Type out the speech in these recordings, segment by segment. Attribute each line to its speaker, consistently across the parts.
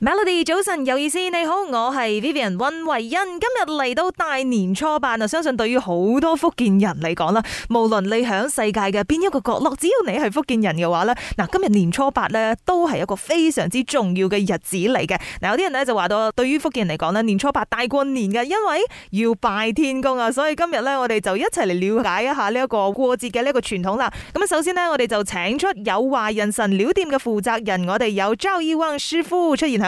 Speaker 1: Melody 早晨，有意思，你好，我係 Vivian 溫慧欣。今日嚟到大年初八啊，相信對於好多福建人嚟講啦，無論你響世界嘅邊一個角落，只要你係福建人嘅話咧，嗱，今日年初八咧都係一個非常之重要嘅日子嚟嘅。嗱，有啲人咧就話到，對於福建人嚟講咧，年初八大過年嘅，因為要拜天公啊，所以今日咧我哋就一齊嚟了解一下呢一個過節嘅呢個傳統啦。咁啊，首先咧我哋就請出有華人神料店嘅負責人，我哋有趙易旺師傅出現。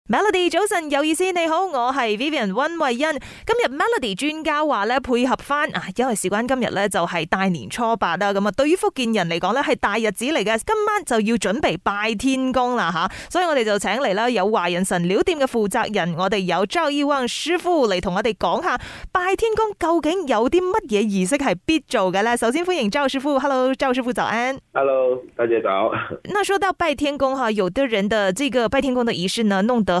Speaker 1: Melody 早晨有意思，你好，我係 Vivian 溫慧欣。今日 Melody 專家話咧，配合翻啊，因為事關今日咧，就係大年初八啊，咁啊，對於福建人嚟講咧，係大日子嚟嘅，今晚就要準備拜天公啦吓。所以我哋就請嚟啦，有華人神料店嘅負責人，我哋有趙易旺師傅嚟同我哋講下拜天公究竟有啲乜嘢儀式係必做嘅咧。首先歡迎趙師傅，Hello，趙師傅早安。
Speaker 2: Hello，大家早。那
Speaker 1: 說到拜天公哈，有的人的這個拜天公的儀式呢，弄得。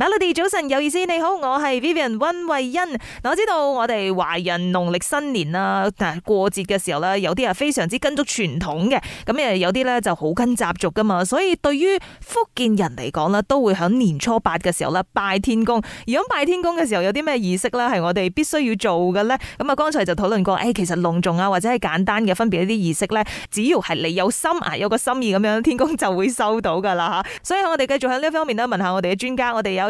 Speaker 1: Melody，早晨有意思，你好，我係 Vivian 溫慧欣。嗱，我知道我哋華人農曆新年啦，但係過節嘅時候咧，有啲係非常之跟足傳統嘅，咁誒有啲咧就好跟習俗噶嘛。所以對於福建人嚟講咧，都會喺年初八嘅時候咧拜天公。如果拜天公嘅時候，有啲咩儀式咧係我哋必須要做嘅咧？咁啊，剛才就討論過，誒，其實隆重啊或者係簡單嘅分別一啲儀式咧，只要係你有心啊，有個心意咁樣，天公就會收到噶啦吓。所以我哋繼續喺呢方面咧，問下我哋嘅專家，我哋有。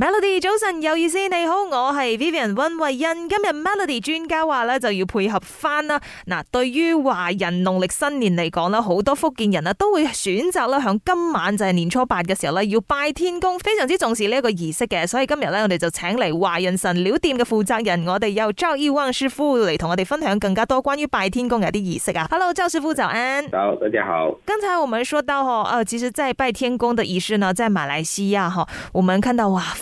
Speaker 1: Melody 早晨，有意思你好，我係 Vivian 溫慧欣。今日 Melody 專家話咧就要配合翻啦。嗱、呃，對於華人農曆新年嚟講咧，好多福建人啊都會選擇咧響今晚就係年初八嘅時候咧要拜天公，非常之重視呢一個儀式嘅。所以今日咧我哋就請嚟華人神料店嘅負責人，我哋有趙易旺師傅嚟同我哋分享更加多關於拜天公有啲儀式啊。Hello，趙師傅就安。
Speaker 2: Hello，大家好。
Speaker 1: 剛才我們說到嗬，誒、呃，其實在拜天公嘅儀式呢，在馬來西亞嗬、呃，我們看到哇。